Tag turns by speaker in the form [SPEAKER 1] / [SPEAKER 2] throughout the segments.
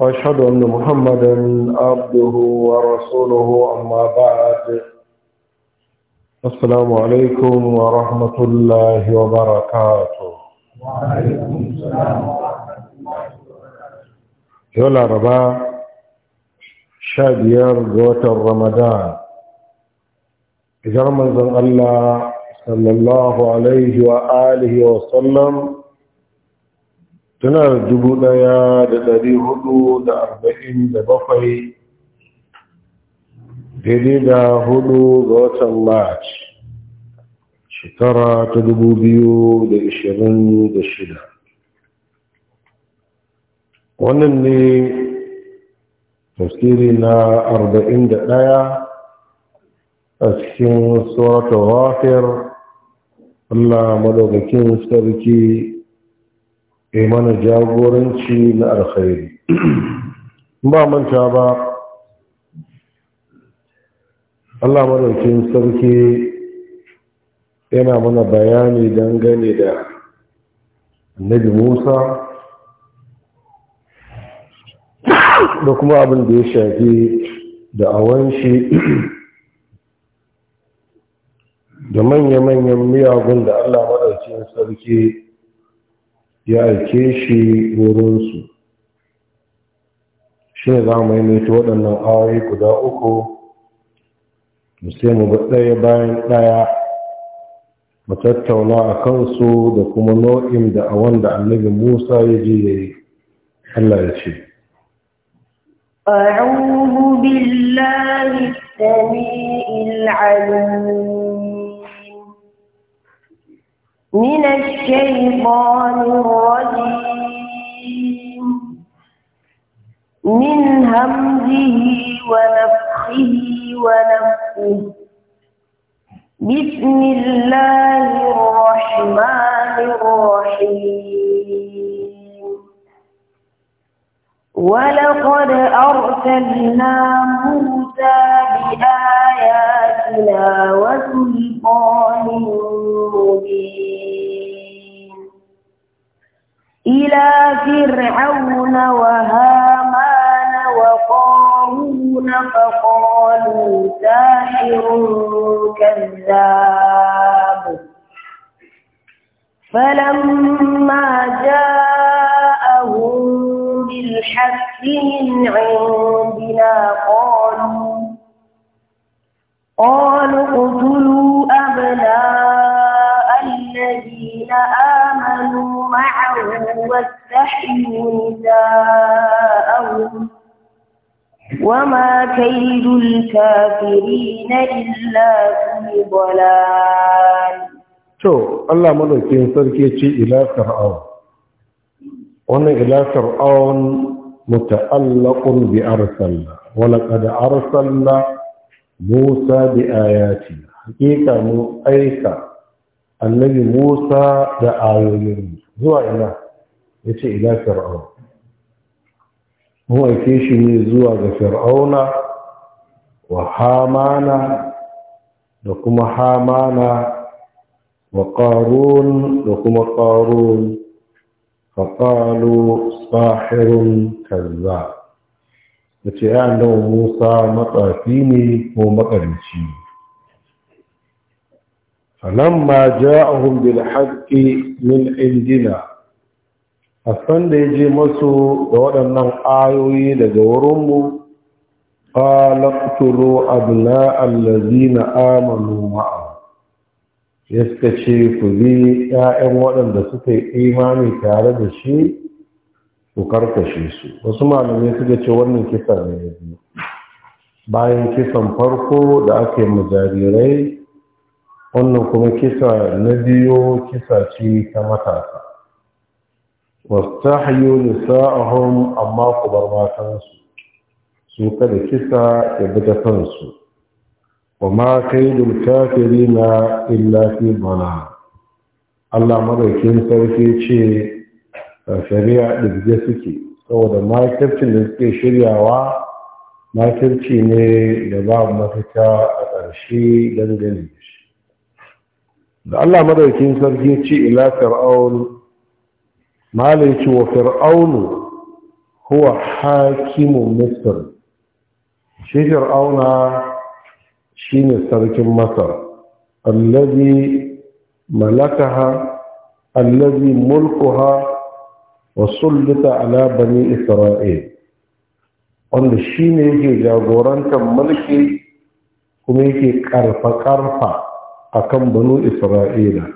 [SPEAKER 1] واشهد ان محمدا عبده ورسوله اما بعد السلام عليكم ورحمه الله وبركاته
[SPEAKER 2] وعليكم السلام ورحمه الله
[SPEAKER 1] وبركاته يولا ربا شاديار قوت رمضان اجرم الله صلى الله عليه واله وسلم tana da dubu ɗaya da dari hudu da arba'in da bakwai daidai da hudu ga watan march shekara ta dubu biyu da ishirin da shida wannan ne tafsiri na arba'in da ɗaya a cikin tsoron wafiyar allah madaukakin sarki ya mana jagoranci na alkhairi ba manta ba Allah madaukin sarki yana mana bayani dangane da annabi Musa da kuma abin da ya shafi da shi da manya-manyan miyagun da Allah madaukin sarki ya aike shi wurinsu shi ne za mu yi mai waɗannan awayi guda uku sai mu ɗaya bayan ɗaya mu tattauna a kansu da kuma nau'in da a wanda annabi musa ya ji ya yi allah ya ce
[SPEAKER 2] أعوذ بالله السميع العليم من الشيطان الرجيم من همزه ونفخه ونفخه بسم الله الرحمن الرحيم ولقد أرسلنا موسى بآياتنا وسلطان مبين إلى فرعون وهامان وقارون فقالوا ساحر كذاب فلما جاءهم بالحق من عندنا قالوا قالوا اقتلوا أبناء الذين آمنوا واستحيوا نساءهم وما كيد الكافرين إلا في ضلال
[SPEAKER 1] to Allah madaukin sarki ce ila fir'aun wannan ila fir'aun muta'allaqun bi arsalna wa laqad arsalna Musa bi ayati hakika mu aika annabi Musa da ayoyin zuwa ina ya ce ila fir'aun mun aike shi ne zuwa ga fir'auna wa hamana da kuma hamana wa ƙarun da kuma ƙarun faƙalu tsahirun kaza da ce ya nawa musa matsafi ne ko makarici falamma ja'ahum bil haƙƙi min indina a da ya je masu da waɗannan ayoyi daga wurinmu ƙalakturo abna allazi na amalu ma'a ya suka ce ku bi ‘ya'yan waɗanda suka yi imani tare da shi ku karkashe su wasu malamai suka ce wannan kisa ne ya biyu bayan kisan farko da ake ma jarirai wannan kuma kisa na biyu kisa ce ta matasa wastahyu nisa'ahum amma ku bar matansu su kada kisa ya bi ta kansu wa ma kaidul kafirina illa fi dhalal Allah madaukin sarki ce shari'a ɗirge suke saboda makircin da suke shiryawa makirci ne da babu mafita a ƙarshe dangane da shi da Allah madaukin sarki ce ila fir'aun malin ci wa fir'aunu huwa hakimun misr shi fir'auna shi sarkin masar allazi malakaha allazi mulkuha wa sullita ala bani isra'il wanda shi ne yake jagorantar mulki kuma yake karfa-karfa akan kan banu isra'ila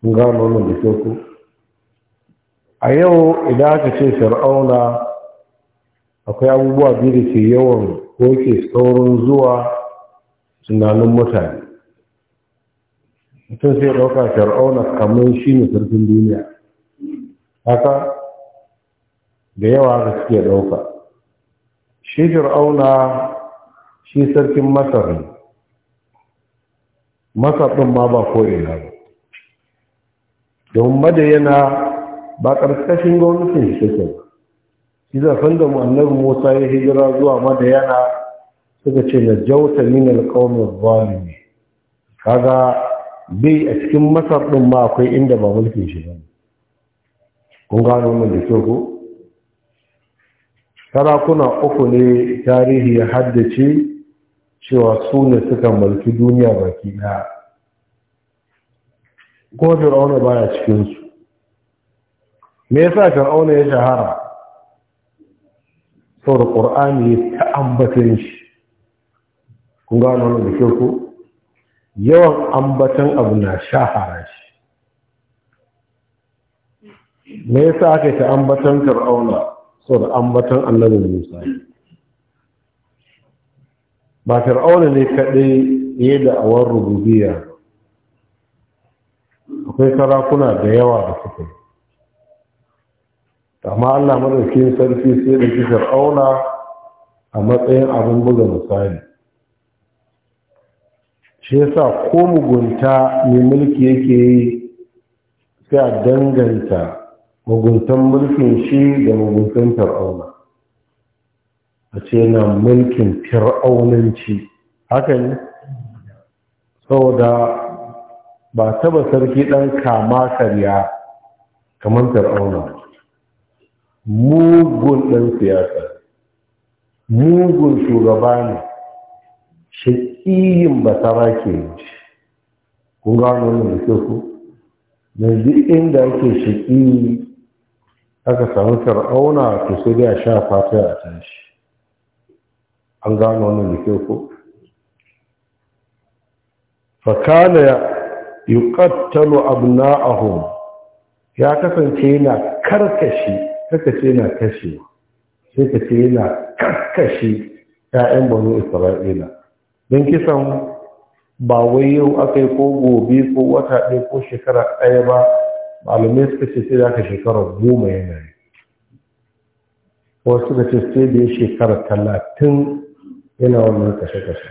[SPEAKER 1] ngano wannan da a yau idan aka ce fir'auna akwai abubuwa biyu da ke yawan koke saurin zuwa tunanin mutane mutum sai ɗauka fir'auna kamar shi ne sarkin duniya haka da yawa aka suke ɗauka shi fir'auna shi sarkin masar ne masar ɗin ma ba koina ba don madayana ba ƙarƙashin gwamnatin shi take shi zafin da mu annabi musa ya hijira zuwa madayana suka ce na jauta min alƙawmin zalimi kaga bai a cikin masar ɗin ma akwai inda ba mulkin shi ba kun gano min da kyau ko sarakuna uku ne tarihi ya haddace cewa su ne suka mulki duniya baki ɗaya ko fir'auna baya cikinsu me yasa fir'auna ya shahara saboda qur'ani ya ambatin shi kun gano wannan da kyau ko yawan ambatan abu na shahara shi me yasa aka ta ambatan fir'auna saboda ambatan annabi Musa ba fir'auna ne kadai ne da awar rububiyya akwai sarakuna da yawa da suka yi amma Allah madaukakin sarki sai da kishar auna a matsayin abin buga misali shi yasa ko mugunta mai mulki yake yi sai a danganta muguntan mulkin shi da muguntan fir'auna a ce na mulkin fir'aunanci haka ne saboda ba taba sarki ɗan kama karya kamar fir'auna ba. mugun ɗan siyasa mugun shugaba ne shaƙiyin basara ke yi kun gano ne da da ji inda ake shaƙi aka samu fir'auna to sai dai a sha fata a tashi an gano ne da kyau ko fakana ya abu abna'ahum ya kasance yana karkashi kaka ce na kashe sai ka ce yana kakkashe ‘ya'yan banu isra'ila don kisan ba wai yau aka yi ko gobe ko wata ɗaya ko shekara ɗaya ba malamai suka ce sai da aka shekara goma yana yi wasu suka ce sai da ya shekara talatin yana wannan kashe-kashe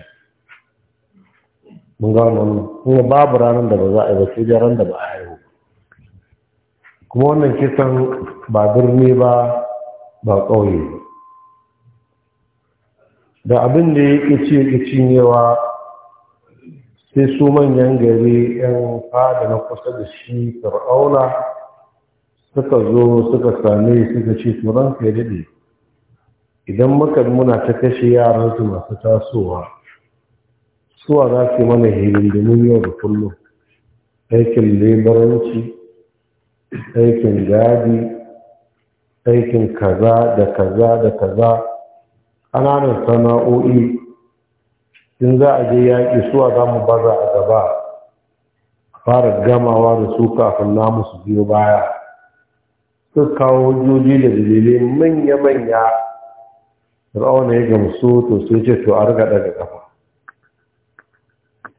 [SPEAKER 1] mun gano wannan kuma babu ranar da ba za a yi ba sai da ran da ba a yi kuma wannan kisan ba birni ba ba ƙauye da abin da ya ce ƙi cinyewa sai su manyan gari yan fada na kusa da shi fir'auna suka zo suka same suka ce turan kai daɗe idan muka muna ta kashe yaransu masu tasowa suwa za su mana hilin domin yau da kullum aikin lebaranci aikin gadi aikin kaza da kaza da kaza ƙananan sana'o'i in za a je yaƙi suwa za mu baza a gaba fara gamawa da su kafin namu su biyo baya su kawo hujjoji da dalilai manya-manya ra'auna ya su to sai ce to a riga daga kafa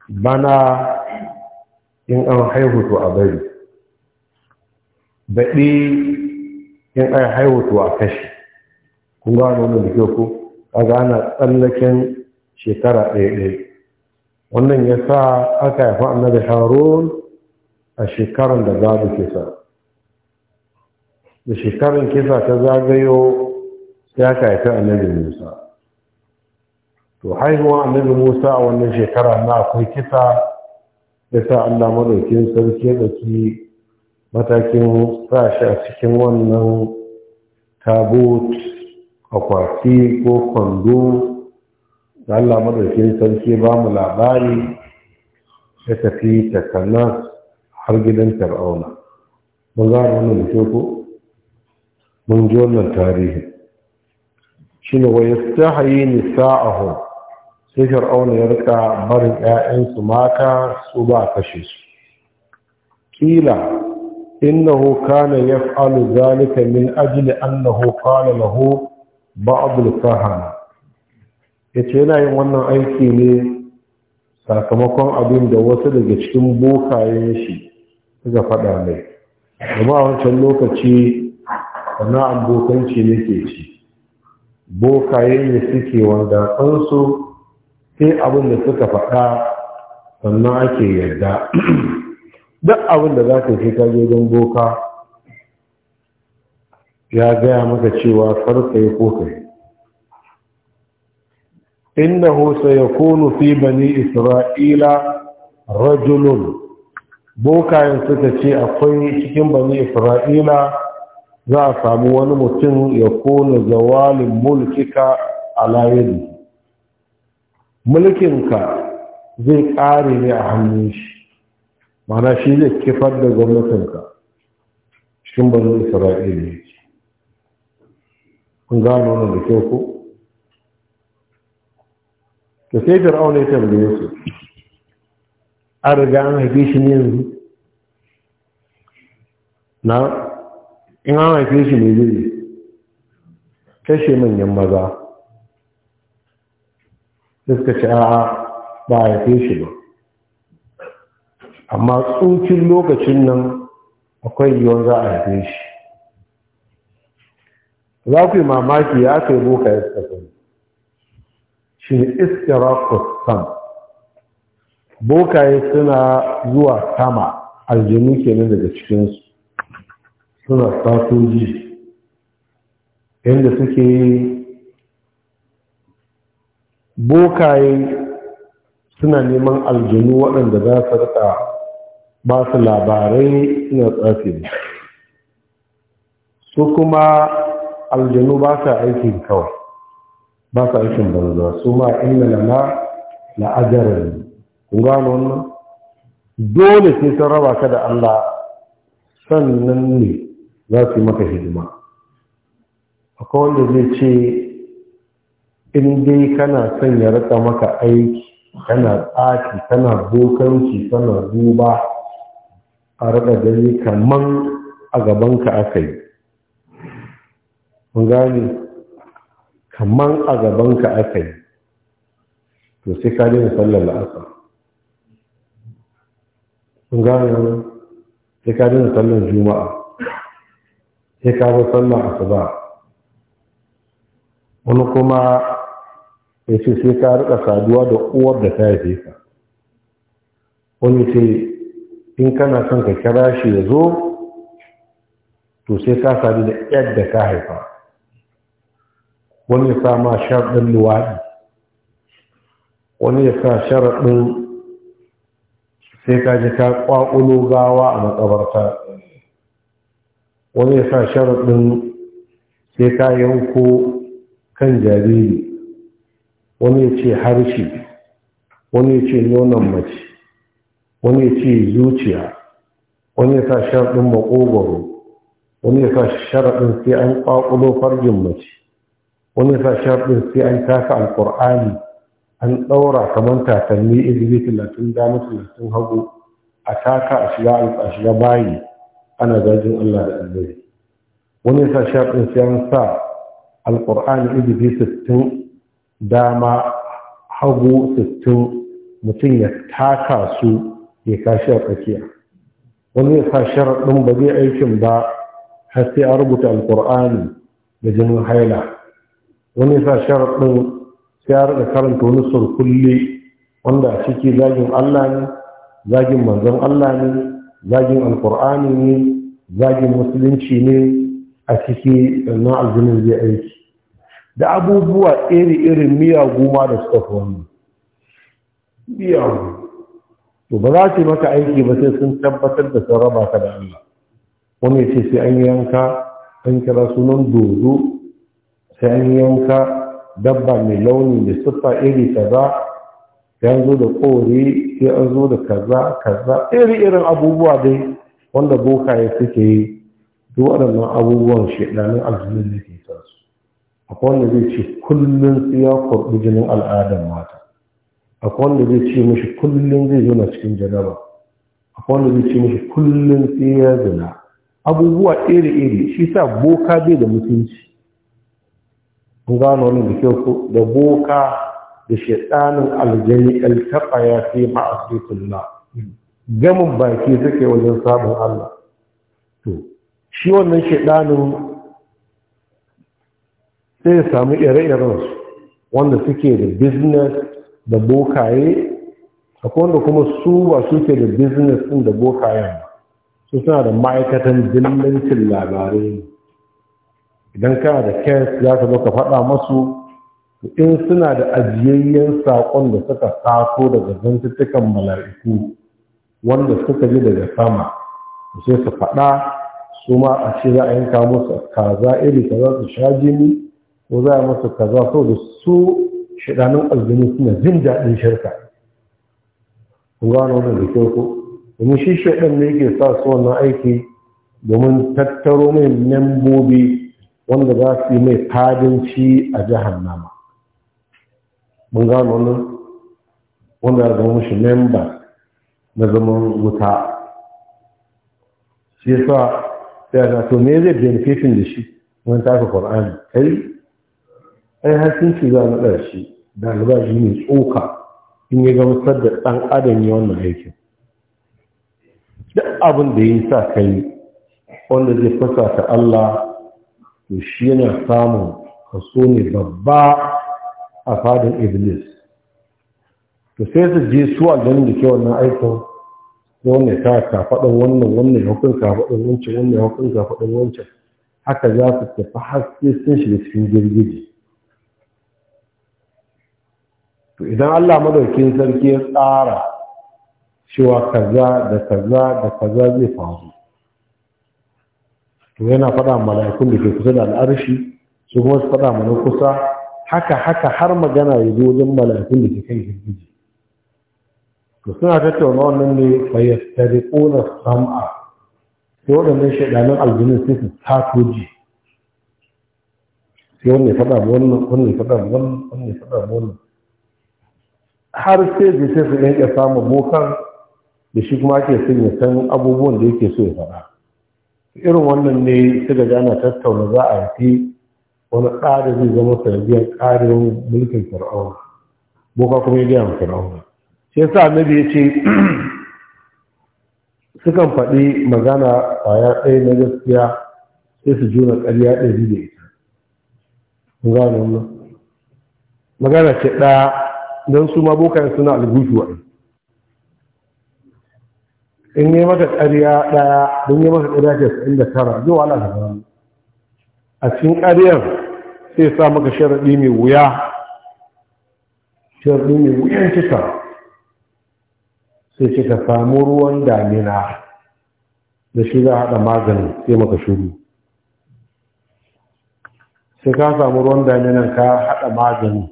[SPEAKER 1] bana in an haihu to a bari baɗi in ai haihutu a kashi kun gano wani da ku. A kaga ana tsallaken shekara ɗaya ɗaya wannan ya sa aka haifa annabi harun a shekarar da babu kisa da shekarar kisa ta zagayo sai aka haifi annabi musa to haihuwa annabi musa a wannan shekara na akwai kisa ya sa allah maɗaukin sarki ya ɗauki matakin sashi a cikin wannan tabot akwati ko kwando da Allah madaukin sarki ba mu labari ya tafi takanas har gidan tar'auna. mun za wannan da ko mun ji wannan tarihi shi ne hayi ni sa'ahu sai fir'auna ya rika barin 'ya'yansu mata su ba kashe su kila إنه كان يفعل ذلك من أجل أنه قال له بعض الكهنة yace yana yin wannan aiki ne sakamakon abin da wasu daga cikin bokayen shi suka faɗa mai kuma a wancan lokaci sana'an bokanci yake ci bokaye ne suke wanda ɗansu sai abin da suka faɗa sannan ake yarda duk abin da za ka fi ka je don boka ya gaya maka cewa farka ya koka ya kono fi bani isra'ila rajulun bokayen suka ce akwai cikin bani isra'ila za a sami wani mutum ya kone zawalin mulkika a layin mulkinka zai kare ne a hannun shi mana shi zai kifar da gwamnatinka cikin bazin isra'ila yake kun gano wannan da kyau ko da sai fir'auna ya tambaye su an riga an haife shi ne yanzu na in an haife shi ne zai kashe manyan maza suka ci a'a ba a haife shi ba amma tsokin lokacin nan akwai yiwuwar za a haife shi za ku yi mamaki ya kai boka ya tsakon shi ne istirakustan bokaye suna zuwa sama aljinu kenan daga cikinsu suna satoji inda suke yi bokaye suna neman aljinu waɗanda za su rika ba su labarai na tsafi su kuma aljanu ba su aikin kawai ba su aikin banza su ma na lana la'ajarar kun gano wannan dole sai sun raba ka da Allah sannan ne za su yi maka hidima akwai wanda zai ce in dai kana son ya rika maka aiki kana tsaki kana bokanci kana duba a raɗa gani kaman a gabanka aka yi mun gane kaman a gabanka aka yi to sai ka dina sallar la'asar mun gane wani sai ka dina sallar juma'a sai ka bar sallar asuba wani kuma ya ce sai ka rika saduwa da uwar da ta haife ka wani ce in kana son ka kira shi ya zo to sai ka sadu da yadda ka haifa wani ya sa ma sharɗin luwaɗi wani ya sa sharaɗin sai ka ji ka ƙwaƙulo gawa a matsabarta wani ya sa sharaɗin sai ka yanko kan jariri wani ya ce harshe wani ya ce nonon mace wani ya ce zuciya wani ya sa sharaɗin makogoro wani ya sa sharaɗin sai an ƙwaƙulo farjin mace wani ya sa sharaɗin sai an taka alƙur'ani an ɗaura kamar takalmi izini talatin dama talatin hagu a taka a shiga a shiga bayi ana zajin Allah da annabi wani ya sa sharaɗin sai an sa alƙur'ani izini sittin dama hagu sittin mutum ya taka su Ke kashi a tsakiya wani ya sa sharaɗin ba zai aikin ba har sai a rubuta alƙur'ani da jinin haila wani ya sa sharaɗin sai a rika karanta wani surkulle wanda a ciki zagin Allah ne zagin manzon Allah ne zagin alƙur'ani ne zagin musulunci ne a ciki sannan aljinin zai aiki da abubuwa iri-irin miyagu ma da suka fi wannan miyagu to ba za su maka aiki ba sai sun tabbatar da sun raba ka da Allah wani ce sai an yanka an kira sunan dodo sai an yanka dabba mai launi da siffa iri kaza sai an zo da kore sai an zo da kaza kaza iri irin abubuwa dai wanda bokaye suke yi duk waɗannan abubuwan shaɗanin aljinin da ke sa su akwai wanda zai ce kullum sai ya kurɓi jinin al'adar mata akwai wanda zai ce mashi kullum zai na cikin janaba akwai wanda zai ce mashi kullum sai ya zina abubuwa iri-iri shi sa boka zai da mutunci An gano wani da kyau da boka da shaɗanin aljani altaɓa ya fi ma'asikullah gamin baki suke wajen sabon Allah to shi wannan shaɗanin sai ya samu ire-iren wanda suke da business da bokaye akwai wanda kuma su ba suke da business ɗin da bokayen ba su suna da ma'aikatan dillancin labarai ne idan kana da kes za ka zo ka faɗa masu in suna da ajiyayyen saƙon da suka taso daga zantuttukan mala'iku wanda suka ji daga sama sai su faɗa su ma a ce za a yanka musu kaza iri kaza su sha jini ko za a musu kaza saboda su shidanun aljini suna jin daɗin shirka kun gano wani da kyau ko domin shi shaɗan ne yake sa su wannan aiki domin tattaro mai membobi wanda za su yi mai fadinci a jihar nama. mun gano wani wanda ya zama mashi memba na zaman wuta shi yasa sai ya to me zai benefitin da shi wani tafi ƙwar'ani kai ai hasin sun ci za na ɗarshi da albashi ne tsoka in ya gamsar da ɗan adam ya wannan aikin duk abin da ya sa kai wanda zai fasa ta Allah to shi yana samun kaso ne babba a fadin iblis to sai su je su ganin da ke wannan aikin wani ta kafaɗin wannan wannan ya hukun kafaɗin wancan wannan ya hukun kafaɗin wancan haka za su tafi haske sun shiga cikin girgiji to idan Allah madaukin sarki ya tsara cewa kaza da kaza da kaza zai faru to yana faɗa mala'ikun da ke kusa da al'arshi su kuma su faɗa mana kusa haka haka har magana ya zo wajen mala'ikun da ke kan girgije to suna tattauna wannan ne ƙona sam'a sai waɗannan shaidanin aljinin sai su tato ji sai wannan ya faɗa wannan wannan ya faɗa wannan wannan ya faɗa wannan har sai da sai su rinka samun bokan da shi kuma ke son ya san abubuwan da yake so ya faɗa irin wannan ne su ga ana tattauna za a fi wani tsari zai zama sanadiyar ƙarin mulkin fir'auna boka kuma ya gaya fir'auna shi yasa annabi ya ce sukan faɗi magana ƙwaya ɗaya na gaskiya sai su juna ƙarya ɗari da ita magana ce ɗaya don su ma mabokan suna algushuwa in yi mata ƙarya ɗaya don yi mata ƙarya ke sa'in da tara zuwa wala da zama a cikin ƙariyar sai sa maka sharaɗi mai wuya sharaɗi mai wuyan cika sai cika ka samu ruwan damina da shi za a haɗa maganin sai maka shuru sai ka samu ruwan daminan ka haɗa magani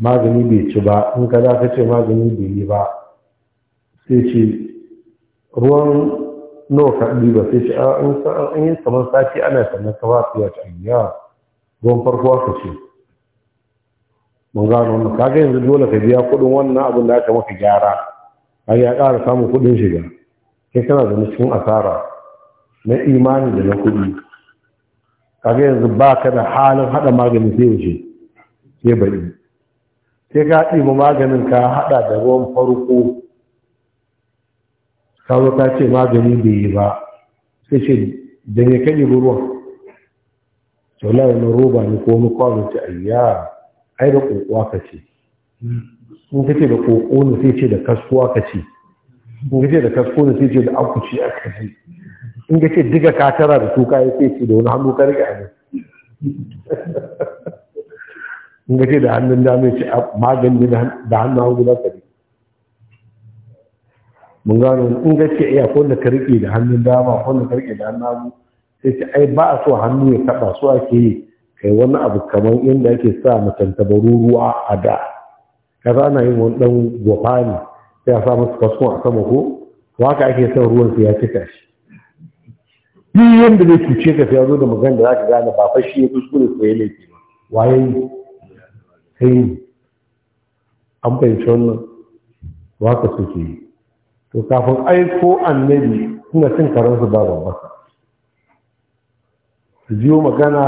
[SPEAKER 1] magani bai ci ba in ka za ka ce magani bai yi ba sai ce ruwan nawa ka ba sai ce an yi kamar sati ana sannan ka ba su ya ci ya ruwan farko ka ce mun gano wannan kaga yanzu dole ka biya kuɗin wannan abin da aka maka gyara har ya ƙara samun kuɗin shiga kai kana zama cikin asara na imani da na kuɗi kaga yanzu ba ka da halin haɗa magani sai wuce sai baɗi sai ka ɗima maganin ka haɗa da ruwan farko ka zo ka ce magani bai yi ba sai ce da ne ka ɗibi ruwan saula wani roba ne ko wani kwano ce ayya ai da ƙoƙuwa ka ce in ka ce da ƙoƙo ne sai ce da kaskuwa ka ce in ka ce da kasko ne sai ce da akuci a ka ce in ka ce diga katara da tuka ya sai ce da wani hannu ka a ne in ce da hannun dama ya ce ah, magani da hannun hagu za ka rike mun gano in ga ce eh, iya kwanda ka rike da hannun dama kwanda ka rike da hannun hagu sai ce ai ba a so hannu ya taɓa so ake yi kai wani abu kamar inda ake sa macen tabaru ruwa a da ka za na yin wani ɗan gwafa ne sai a sa musu kasko a sama ko to haka ake son ruwan su ya cika shi duk yadda zai cuce ka sai ya zo da magana da za ka gane ba fashi ya kuskure ko ya laifi ba waye sai an fahimci wannan waka suke yi to kafin aiko annabi suna cin karansu ba babba su jiyo magana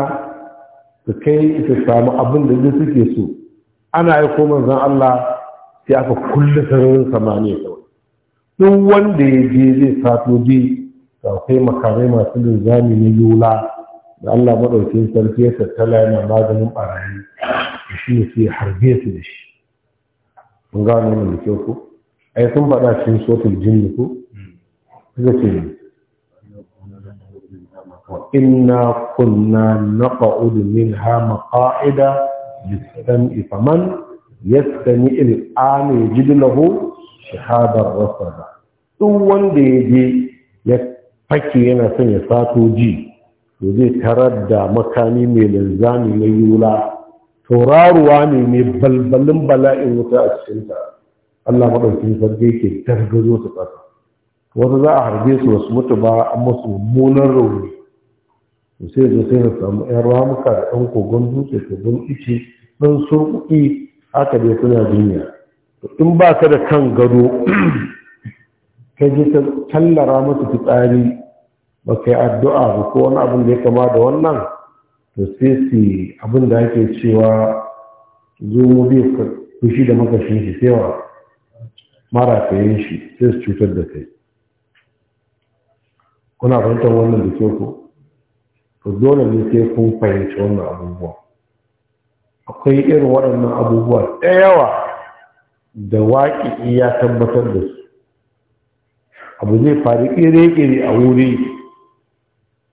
[SPEAKER 1] su kai su samu abin da zai suke so ana aiko manzan Allah sai aka kulle sararin samaniya kawai duk wanda ya je zai sato bi da akwai makarai masu linzami na yula da Allah maɗaukin sarki ya tattala yana maganin ɓarayi shine ne sai harbe su da shi kun gano wannan da kyau ko ai sun faɗa cikin sotul jinni ko suka ce kunna كنا نقعد منها مقاعد للسمع فمن يستمع الآن يجد له shahada rasada duk wanda ya je ya fake yana son ya sato ji to zai tarar da makami mai linzami na yula tauraruwa ne mai balbalin bala'in wuta a cikin ta. Allah maɗaukin sarki yake targazo su ƙasa wasu za a harbe su wasu mutu ba an masu mummunan rauni to sai zo sai na samu ƴan ramuka da ɗan kogon dutse kogon ice ɗan surƙuƙi haka dai suna duniya in ba ka da kan gado ka ji ta tallara musu fitsari ba ka addu'a ba ko wani abin da ya kama da wannan to sai su abin da ake cewa zuwa biyu bi fushi da makashin shi sai wa mara kayan shi sai su cutar da kai kuna fahimtar wannan da ke ku to dole ne sai kun fahimci wannan abubuwa akwai irin waɗannan abubuwa da yawa da waƙi ya tabbatar da su abu zai faru ƙere-ƙere a wuri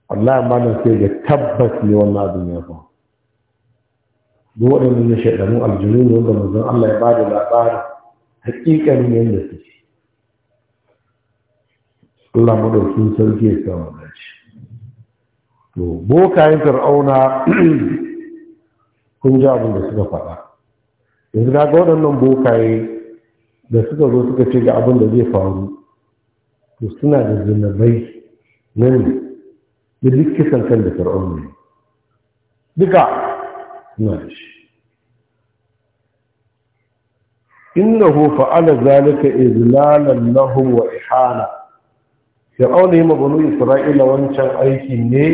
[SPEAKER 1] wallahi malam sai ga tabbas ne wannan abin ya fa duk waɗannan na shaɗanu aljinu ne wanda manzon Allah ya ba da labarin hakikanin yadda suke Allah madaukin sarki ya samu dace to bokayen fir'auna kun ji abin da suka faɗa yanzu ga waɗannan bokaye da suka zo suka ce ga abin da zai faru to suna da zinabai nan da duk kisan kan da fir'aun ne duka suna da shi innahu fa'ala zalika izlalan lahum wa ihana fir'aun ya mabanu isra'ila wancan aiki ne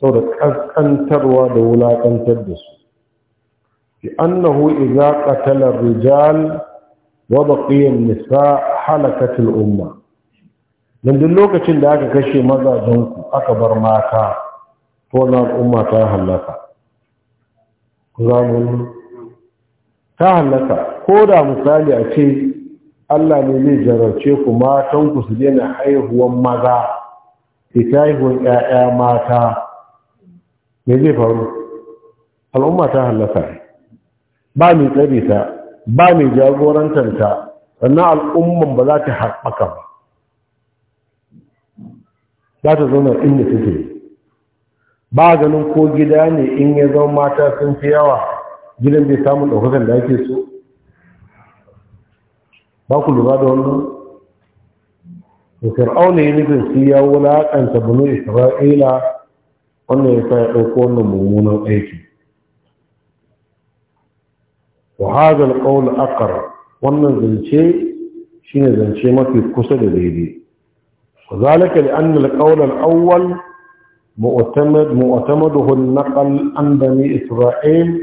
[SPEAKER 1] sau da kaskantarwa da wulakantar da su fi annahu idza qatala rijal wa nisa halakat umma don duk lokacin da aka kashe mazajenku aka bar mata to na al'umma ta hallaka yi? ta hallaka ko da misali a ce Allah ne zai jararce ku matanku su daina haihuwan maza ita haihuwan 'ya'ya mata me zai faru al'umma ta hallaka ba mai tsare ta ba mai jagorantar ta, sannan al'umman ba za ta haɓaka ba za ta zauna inda take ba ganin ko gida ne in ya zama mata sun fi yawa gidan bai samu ɗaukakan da ake so ba ku lura da wannan da fir'auna ya nufin su ya wulaƙanta bunu isra'ila wannan ya sa ya ɗauko wannan mummunan aiki wa hadal qawl akara. wannan zance shine zance mafi kusa da daidai وذلك لأن القول الأول مؤتمد مؤتمده النقل عن بني إسرائيل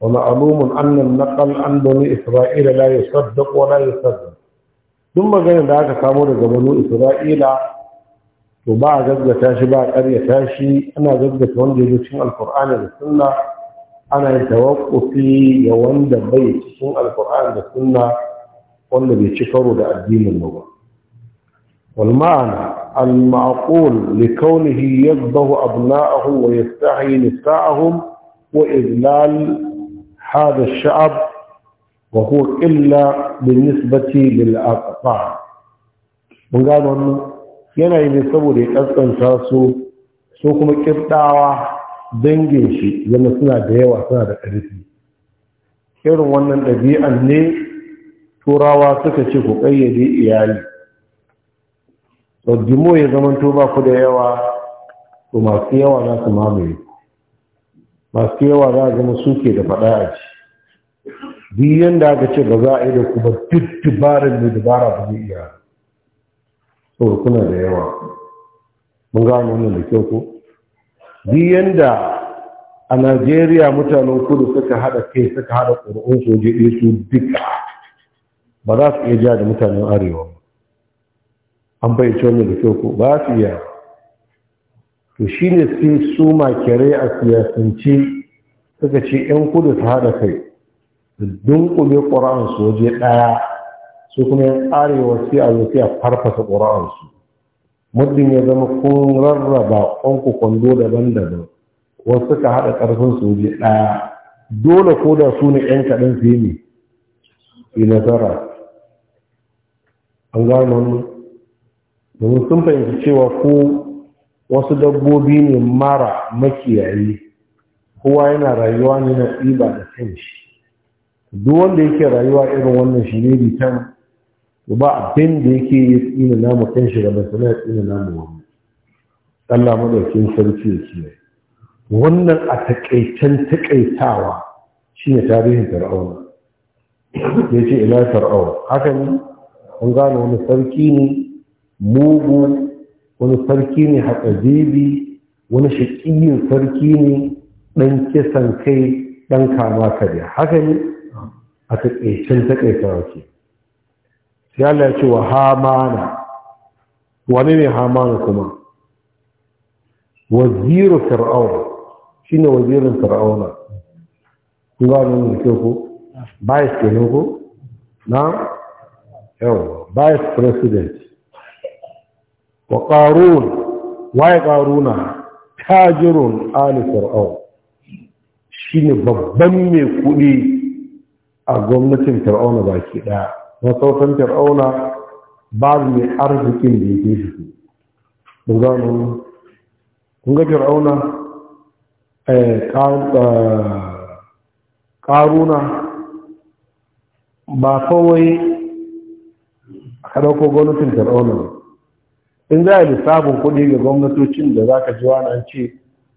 [SPEAKER 1] ومعلوم أن النقل عن بني إسرائيل لا يصدق ولا يصدق ثم غير ذلك سامو daga banu Isra'ila to ba gaggata shi ba ƙaryata shi ana gaggata wanda yake cikin Alƙur'ani da Sunna ana yin tawaqqufi ga wanda bai cikin Alƙur'ani da Sunna wanda bai ci karo da addinin mu ba والمعنى المعقول لكونه يقبه أبناءه ويستحي نساءهم وإذلال هذا الشعب وهو إلا بالنسبة للأقطاع من قالوا أنه ينعي بصوري أسن شاسو سوكم كبتاوة دنجيشي ينسنا ديوة سنة الكريسي كيرو وانا نبيعني توراوا سكتشكو أي دي إيالي ɗaujimo ya zamanto ba ku da yawa to masu yawa za su mamaye masu yawa za a zama suke da faɗa a ci duk yadda aka ce ba za a yi da kuma duk dubarar da dubara ba zai iya saboda kuna da yawa mun gano wannan da kyau ko duk yadda a najeriya mutanen kudu suka haɗa kai suka haɗa ƙuri'un soje ɗaya su duka ba za su iya ja da mutanen arewa an bayyace wannan da kyau ko ba su iya to shi ne sai su makirai a siyasance suka ce 'yan kudu su haɗa kai su dunkule su waje ɗaya su kuma yan arewa sai a zo sai a farfasa su. muddin ya zama kun rarraba ƙwanku kwando daban-daban wasu suka haɗa ƙarfin su waje ɗaya dole ko da su ne 'yan kaɗan su yi ne nasara an gano domin sun fahimci cewa ko wasu dabbobi ne mara makiyayi kowa yana rayuwa ne na tsiba da kanshi duk wanda yake rayuwa irin wannan shi ne bitan ba abin da yake yi tsina namu kanshi ga masana ya tsina namu wani Allah madaukin sarki ya kiyaye wannan a taƙaitawa shi shine tarihin fir'auna yace ila fir'auna haka ne an gano wani sarki ne mugu wani sarki ne hatsabibi wani shaƙiyin sarki ne ɗan kisan kai ɗan kama kare haka ne a taƙaicin taƙaita wake sai Allah ya ce wa hamana wani ne hamana kuma waziru fir'auna shine wazirin fir'auna kun ga wani ne ko vice ke ko na yau vice president wa ƙarun waye ƙaruna tajirun ali fir'aun shi babban mai kuɗi a gwamnatin fir'auna baki ɗaya masautan fir'auna babu mai arzikin da yake shi mun gano kun ga fir'auna ƙaruna eh, eh, ba kawai a ko gwamnatin fir'auna ba in za a lissafin kuɗi ga gwamnatocin da za ka ji wa an ce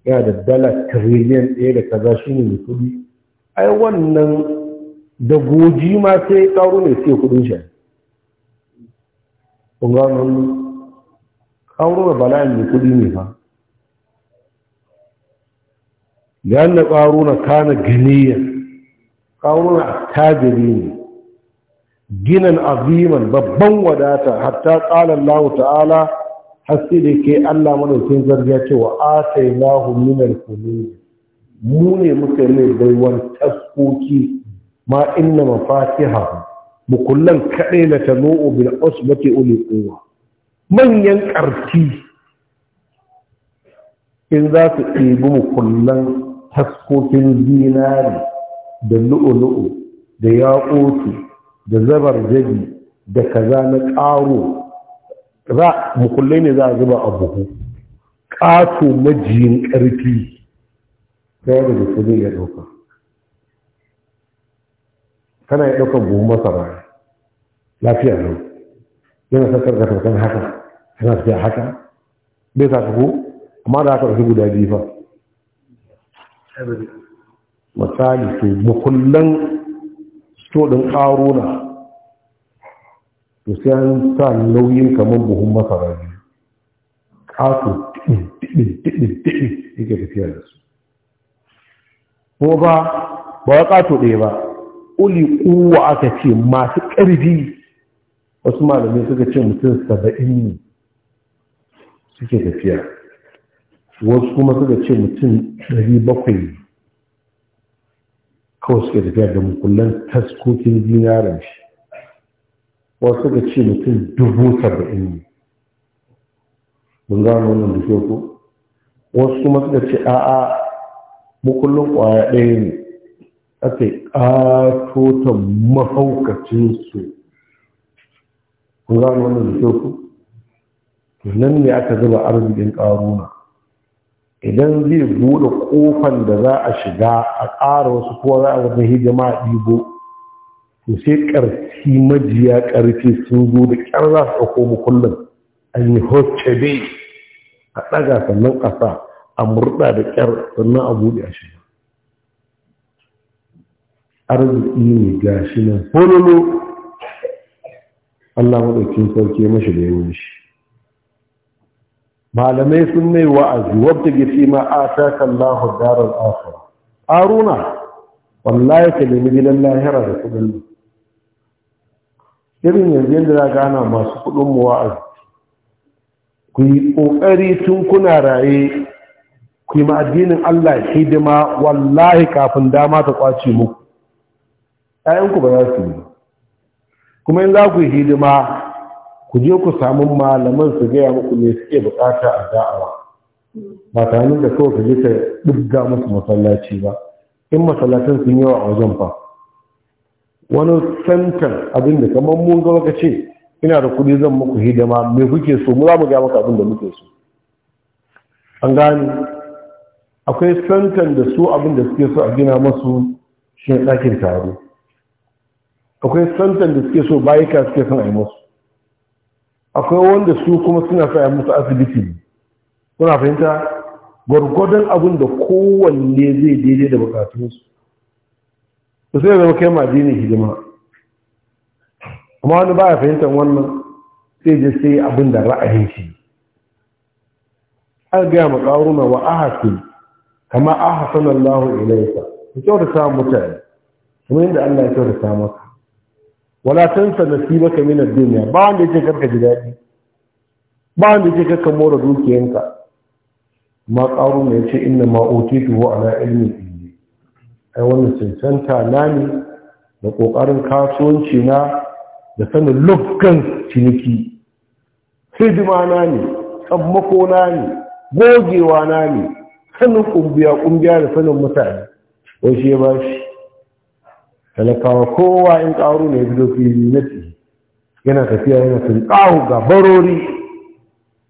[SPEAKER 1] yana da dala tiriliyan ɗaya da kaza shi ne mai kuɗi ai wannan da goji ma sai ƙaru ne sai kuɗin shi kun nan ƙaru da bala'in mai kuɗi ne fa da yana ƙaru na kana ganiyar ƙaru na tajiri ne ginan aziman babban wadata hatta qala Allah ta'ala hasi da ke Allah madaukin ce wa ataynahu min al-kunuz mu ne muka yi baiwar taskoki ma inna mafatiha mukullan kadai la tanu'u bil usbati uli quwwa manyan ƙarfi in za su ɗebi mukullan taskokin zinari da lu'ulu'u da yaƙotu da zabar jabi da kaza na ƙaro za mukullai ne za a zuba a buhu ƙato majiyin ƙarfi ta yadda da su zai ya ɗauka kana ya ɗaukar buhu ba lafiya ne yana sakar da sautan haka yana tafiya haka bai sa ko amma da haka su guda biyu fa misali to mukullan sto ɗin ƙaruna to sai an sa nauyin kamar buhun masara biyu ƙato tiɗin-tiɗin-tiɗin yake tafiya da su ko ba ba wa ƙato ɗaya ba uli ƙuwa aka ce masu ƙarfi wasu malamai suka ce mutum saba'in ne suke tafiya wasu kuma suka ce mutum ɗari bakwai ne. kawai suke tafiya da mukullan taskokin dinarin shi wasu suka ce mutum dubu saba'in ne mun gano wannan da ko wasu kuma suka ce a'a mukullin kwaya ɗaya ne aka yi ƙatoton mahaukacinsu kun gano wannan da ko to nan ne aka zuba arzikin ƙaruna idan zai buɗe ƙofan da za a shiga a ƙara wasu ko za a zama hidima a ɗigo to sai ƙarfi majiya ƙarfi sun zo da ƙyar za su ɗauko mu kullum an yi hoce a ɗaga sannan ƙasa a murɗa da ƙyar sannan a buɗe a shiga arziki ne gashi nan hololo Allah maɗaukin sarki mashi da yawon shi malamai sun mai wa'azi wabta ga ma a taka darar asa aruna wallahi ka nemi gidan lahira da kudin irin yanzu yadda za gana masu kudin mu wa'azi ku yi ƙoƙari tun kuna raye ku yi ma’adinin Allah hidima wallahi kafin dama ta kwace muku ‘ya'yanku ba za su yi kuma in za ku yi hidima ku je ku samu malaman su gaya muku me suke bukata a da'awa ba tare da kawai ka je ka ga musu masallaci ba in masallatan sun yawa a wajen fa wani santan abinda kamar mun ga maka ce ina da kuɗi zan muku hidima me kuke so mu za mu gaya maka abinda muke so an gane akwai santan da su abin da suke so a gina masu shi ɗakin taro akwai santan da suke so bayika suke son a yi masu akwai wanda su kuma suna sa musu asibiti suna fahimta gwargwadon abin da kowanne zai daidai da bukatunsu su sai zama kai ne hidima amma wani ba ya fahimtar wannan sai je sai abin da ra'ayin shi an gaya ma na wa ahasin kama ilaisa Allah kyau da samun mutane kuma yadda Allah ya da maka wala tansa nasibaka min ad-dunya ba wanda yake karka ji dadi ba wanda yake karka more dukiyanka ma qaru ne yace inna ma utitu ala ilmi ai wannan cancanta na ne da kokarin kasuwanci na da sanin lukkan ciniki hidima na ne tsammako na ne gogewa na ne sanin kumbiya kumbiya da sanin mutane wai shi ya bashi talakawa kowa in ƙaru ne fito fili na ce yana tafiya yana sun ƙahu ga barori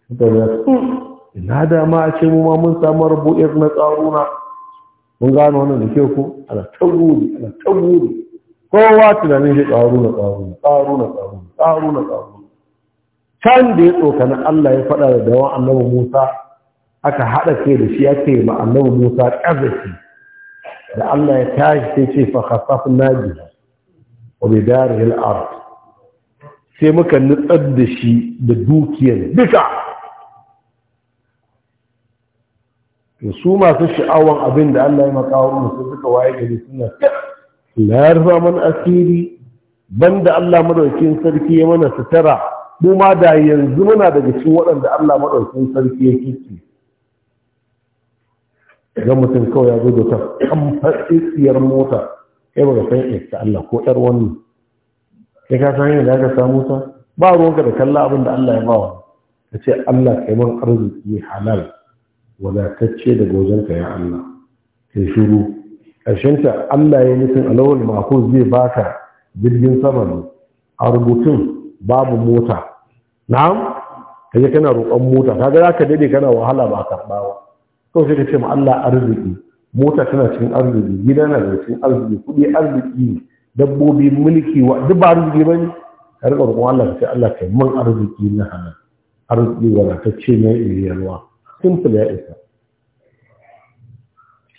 [SPEAKER 1] mutane su hmm, ina dama a ce mu ma mun samu rabu na tsaruna. mun gano wannan da ke ku ana ta ana ta kowa tunanin shi ƙaru na ƙaruna na ƙaruna na can da ya na Allah ya faɗa da dawan annabi Musa aka haɗa kai da shi ake ma annabi Musa ƙazafi da Allah ya tashi sai ce fa khasafna bi wa bi darihi al-ard sai muka nutsar da shi da dukiyar duka to su masu sha'awan abin da Allah ya makawo musu suka waye gari suna la yarfa man asiri banda Allah maɗaukin sarki ya mana sutura mu ma da yanzu muna daga cikin waɗanda Allah maɗaukin sarki ya kike ga mutum kawai ya zo da ta kamfatsiyar mota Ya ba san ita Allah ko 'yar wani ya ka san yadda aka samu ta ba ruwanka da kalla abin da Allah ya ba wa ka ce Allah kai man arziki halal wadatacce da wajenka ya Allah ka shiru ƙarshenta Allah ya nufin alawar mako zai baka jirgin sama ne a rubutun babu mota na'am je kana roƙon mota kaga zaka dade kana wahala ba karɓawa sau sai ka ce ma Allah arziki mota tana cikin arziki gida na da cikin arziki kuɗi arziki dabbobi mulki wa duk ba arziki ba ne ka riƙa roƙon Allah ka ce Allah kai mun arziki na hana arziki ce na iyalwa simple ya isa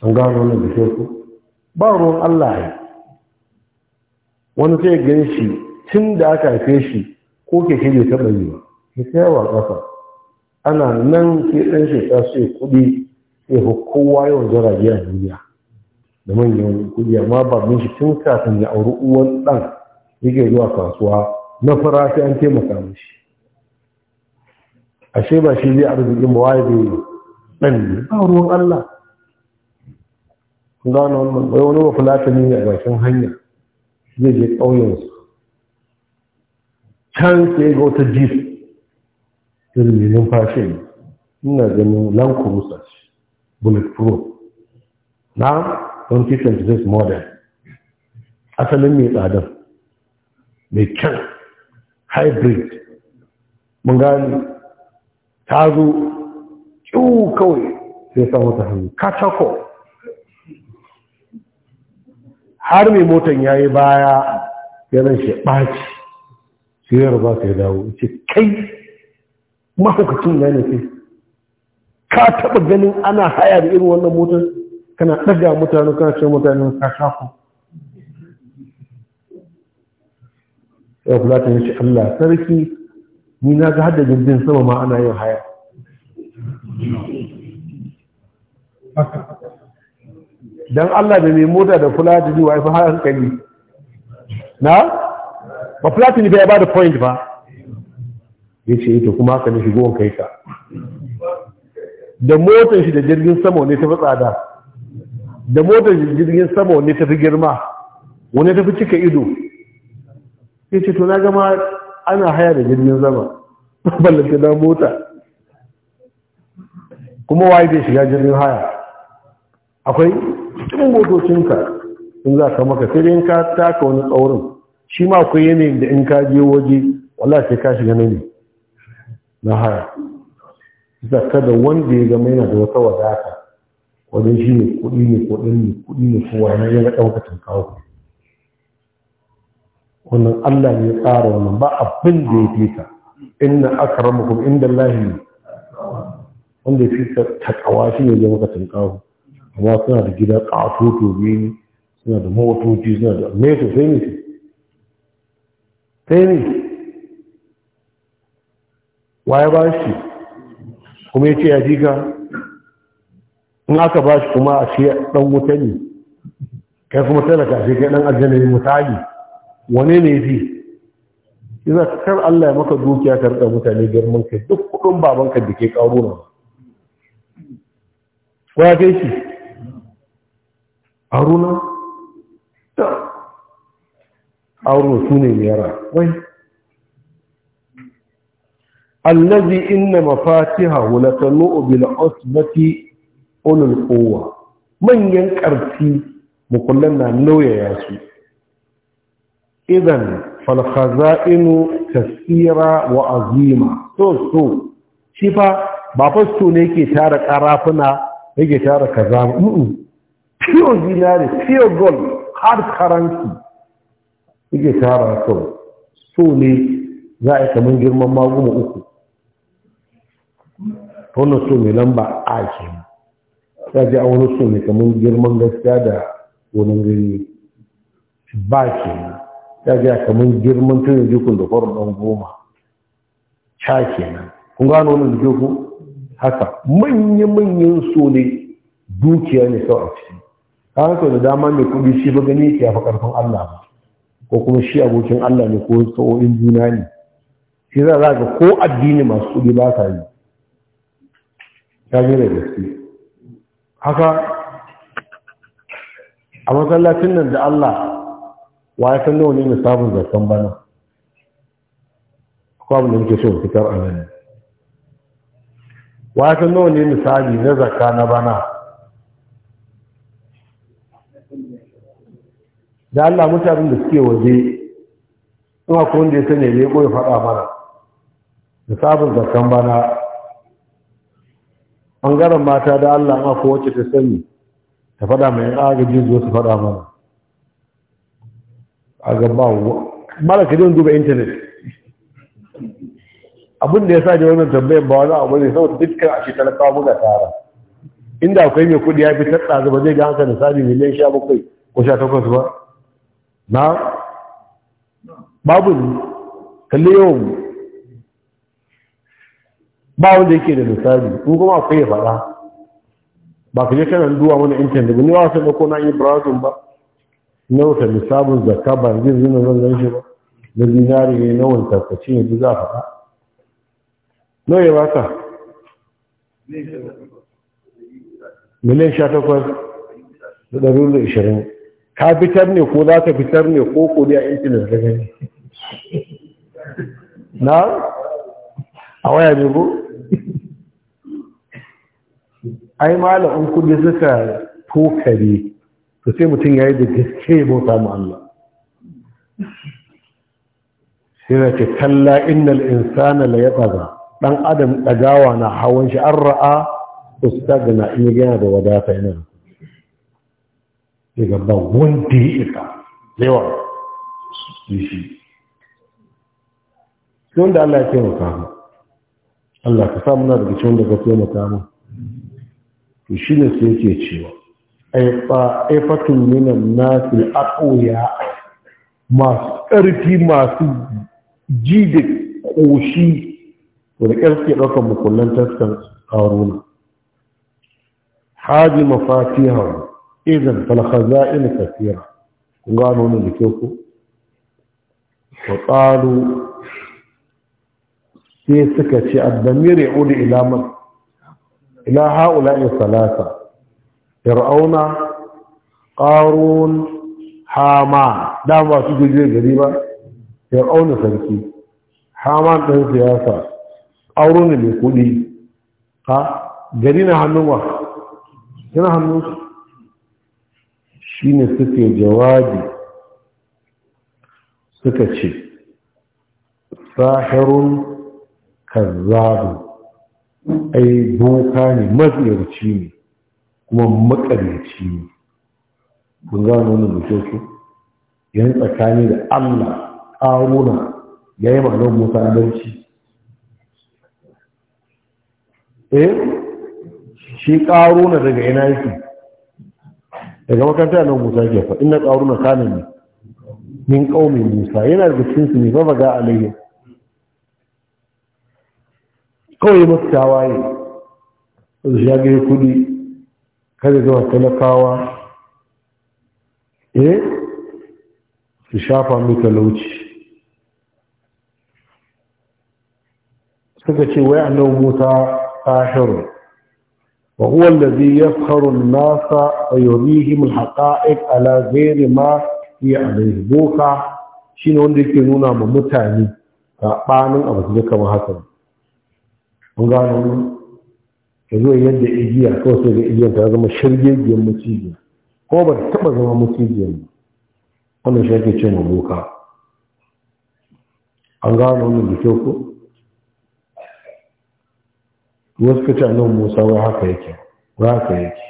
[SPEAKER 1] an gano wannan da ku ba ruwan Allah ya wani sai gan shi tun da aka haife shi ko keke bai taɓa yi ba ke wa ƙasa ana nan ke ɗan shekara sai kuɗi sai ko kowa yawan jirage a duniya da manyan kuɗi amma babin shi tun kafin ya auri uwan dan yake zuwa kasuwa na fara sai an taimaka mishi ashe ba shi zai arzikin ba waye bai Dan ne ba ruwan Allah kun gano wannan bai wani ba fulata ne a bakin hanya zai je su. can sai ga wata jif irin mai numfashi ina ganin lankurusa shi bulletproof na 2026 model asalin mai tsadar mai kyan hybrid mun gani ta zo ƙiwu kawai sai samu wata hannu katako har mai motan ya yi baya yanar shi ɓaci ya ba sai dawo ce kai mahaukacin ya ne sai ka taɓa ganin ana haya da irin wannan motar kana ɗaga mutane kana ce mutane ka shafa yau kula ta yace Allah sarki ni na ga hada jirgin sama ma ana yin haya dan Allah da mai mota da kula da jiwa ya fi hankali na ba platini bai ba da point ba ya ce ita kuma ka ne shigo kai ka
[SPEAKER 2] da motar
[SPEAKER 1] shi da jirgin sama ne tafi tsada da motar jirgin sama ne tafi girma wani tafi cika ido ya ce to na gama ana haya da jirgin sama ballanta na mota kuma waye bai shiga jirgin haya akwai cikin motocinka in za ka maka sai in ka taka wani tsaurin shi ma akwai yanayin da in ka je waje wala sai ka shiga na ne na haya zaka da wanda ya zama yana da wata wadata wajen shi ne kuɗi ne kuɗin ne kuɗi ne kowa na yana ɗaukacin kawo wannan Allah ne ya tsara wannan ba abin da ya fi ka inna akramakum inda Allahi wanda ya fi ka takawa shi ne zama katin kawo amma suna da gida ƙatoto biyu suna da motoci suna da me sosai ne sai ne waye ba shi kuma ya ce ya fi ka in aka ba shi kuma a ce ɗan wuta ne kai kuma talaka sai kai ɗan aljanna ne misali wane ne fi ina kar Allah ya maka dukiya ka rika mutane girman kai duk kudin babanka da ke karo na ko ya kai shi aruna ta aruna su ne yara wai allazi inna mafatihahu latanu bil usbati ulul quwwa manyan karfi mukullan na nauyaya su idan fal khaza'inu tasira wa azima so so shi fa ba fasto ne yake tara karafuna yake tara kaza mm pure zinare pure gold hard currency yake tara so so ne za a yi kamar girman maguma uku wannan so mai lamba a ke ta ji a wani so mai kamar girman gaskiya da wani gani ba ke ta ji a kamar girman tunan jikun da kwarar ɗan goma ca ke nan kun gano wani da ku haka manya-manyan so ne dukiya ne kawai a ciki ta haka da dama mai kuɗi shi ba gani ke fi ƙarfin Allah ba ko kuma shi abokin Allah ne ko sa'o'in juna ne shi za ga ko addini masu kuɗi ba sa yi ta da gaske haka a masallacin nan da Allah wa ya san nawa ne misabin zarkan bana ko abin da muke so fitar a nan wa ya san nawa ne misali na zakka na bana da Allah mutanen da suke waje in akwai wanda ya sanya ne ko ya faɗa mana misabin zarkan bana ɓangaren mata da Allah ma ko wacce ta sani ta faɗa mai agaji zuwa su faɗa mana a gaba mara ka jin duba intanet abin da ya sa da wannan tambayar ba wani abu ne saboda dukkan a shekarar kawo muka tara inda akwai mai kuɗi ya fi tattara zuba zai ga haka da sami miliyan sha bakwai ko sha takwas ba na babu ne yau. ba wanda yake da misali in kuma akwai faɗa ba ka je kana duwa wani intan da ni ba san da ko na yi brazil ba na wata misalin zakka ba zai zina zan gan shi ba na dinari ne na wani tarkaci ne za a faɗa nawa ya baka miliyan sha takwas da ɗari da ishirin ka fitar ne ko za ka fitar ne ko ko da intanet da gani na a waya ne ko ai malamin kudi suka tokare to sai mutum ya yi da gaske ya bauta mu Allah sai da ce kalla innal insana la ya tsaga ɗan adam ɗagawa na hawan shi an ra'a su taga na da wadata yana daga ba wanda ya isa yawa shi shi wanda Allah ya ce mu Allah ka samu na daga cikin da ka taimaka mu to ne sai yake cewa ai fatun minan nasil aqwiya masu ƙarfi masu ji da ƙoshi wani ƙarfi ɗaukar mukullan taskan ƙaruna haji mafatiha izin falhaza ina tafiya kun gano wani da kyau ku wa sai suka ce addamir ya'udu ila man ila haula'i salasa fir'auna qarun hama da ba su gije gari ba fir'auna sarki hama ɗan siyasa qarun ne mai kuɗi ha gari na hannun wa yana hannun shi ne suke jawabi suka ce sahirun kazzabu ai boka ne matsiyarci ne kuma makarici ne kun gano mu da kyau yan tsakani da Allah ƙaruna ya yi ma'anar musa adalci eh shi ƙaruna daga ina yake daga makarantar nan musa ke fa inna ƙaruna kana ne min ƙaumin musa yana da cikin su ne fa ba ga alayya kawai masu tawaye su shagaye kudi kada zama talakawa eh su shafa mai talauci suka ce wai annabi Musa tahir wa huwa alladhi yafkharu an-nasa wa yurihim al-haqa'iq ala ghairi ma hi alayhi boka shine wanda yake nuna ma mutane sabanin abu da kamar haka kun gano ne ka zo yadda igiya ko sai ga igiyar ta zama shirgegiyar macijiya ko ba ta taba zama macijiyar ba wannan shi ake ce ma boka an gano wannan da kyau ko wasu kace annabi Musa wai haka yake wai haka yake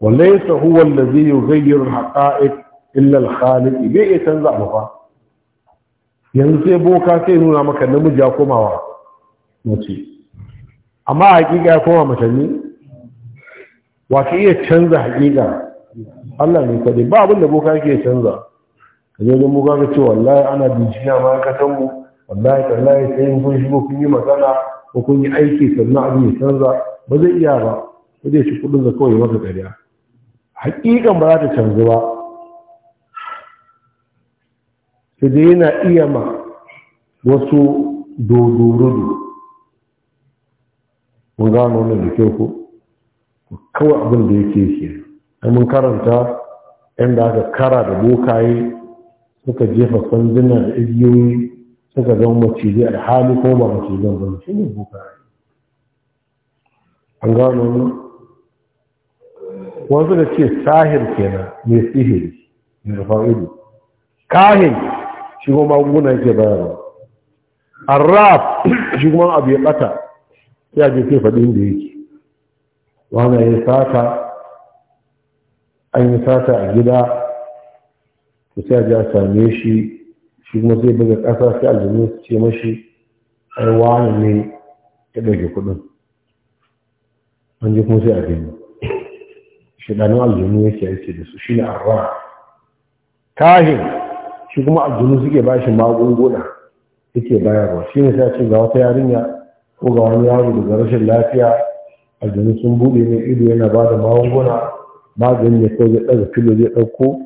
[SPEAKER 1] walaysa huwa allazi yughayyiru al-haqa'iq illa al-khaliq bai ya canza abu fa yanzu sai boka sai nuna maka namiji a komawa mace amma hakika ya koma wa wasu iya canza hakika Allah ne kwade ba abinda boka ke canza ka zai zai boka ka ce wallahi ana bincina ma ka mu wallahi tallahi sai in kun shigo kun yi matsala ko kun yi aiki sannan abin ya canza ba zai iya ba ko zai ci kuɗin zakawa ya maka ƙarya hakikan ba za ta canzu ba sai dai yana iya ma wasu dodorudu mun gano wannan da kyau ko kawai abin da yake ke a mun karanta inda aka kara da bokaye suka jefa sanduna da igiyoyi suka zama macizai a hali ko ba macizan ba shi ne bokaye an gano wannan wanzu da ce sahir kenan mai sihiri mai rufan ido kahin shi kuma magunguna yake bayarwa arraf shi kuma abu ya bata sai a je sai faɗi yake wanda ya sata an yi sata a gida to sai ji a same shi shi kuma sai buga ƙasa sai aljanu su ce mashi ai wani ne ya ɗauke kuɗin an ji kuma sai a gani shiɗanun aljanu yake yake da su shi ne arra kahin shi kuma aljanu suke ba shi magunguna yake bayarwa shi ne sai a ce ga wata yarinya ko ga wani yaro daga rashin lafiya jini sun buɗe mai ido yana ba da magunguna maganin ya kai zai ɗaga filo zai ɗauko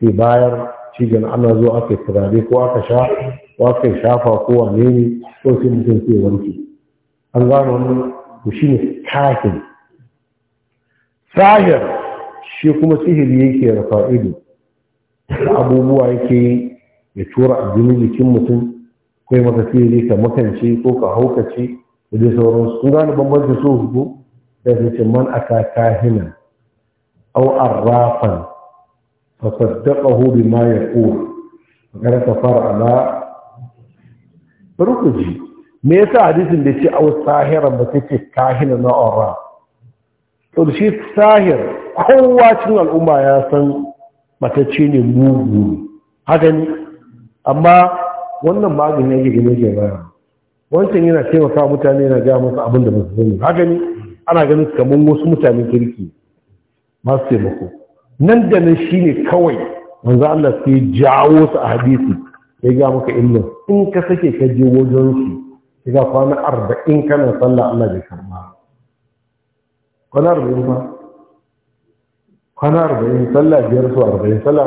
[SPEAKER 1] sai bayar shi ga ana zo aka yi turare ko aka sha ko aka shafa ko wane ne ko sai mutum sai warke an gano wani ku shi ne sahir. sahir shi kuma sihiri yake rafa ido da abubuwa yake ya tura jini jikin mutum kai maka sihiri ka makance ko ka haukace da dai sauransu sun gane bambanci su hudu da su ce man aka kahina au arrafan fa ma ya yaqul kada ta fara ala rukuji me yasa hadisin da ce au sahiran ba ta ce kahina na arra to shi sahir kowa cikin al'umma ya san matacce ne mugu haka ne amma wannan magani yake gane ke bayan wancan yana taimaka mutane yana gaya masu abin da masu sani haka ne ana ganin kamar wasu mutane kirki masu taimako nan da nan shi ne kawai wanzu Allah sai jawo su a hadisi ya ga maka illa in ka sake ka je wajen su ya ga kwana arba'in kana sallah Allah bai karba kwana arba'in ba kwana arba'in sallah biyar su arba'in sallah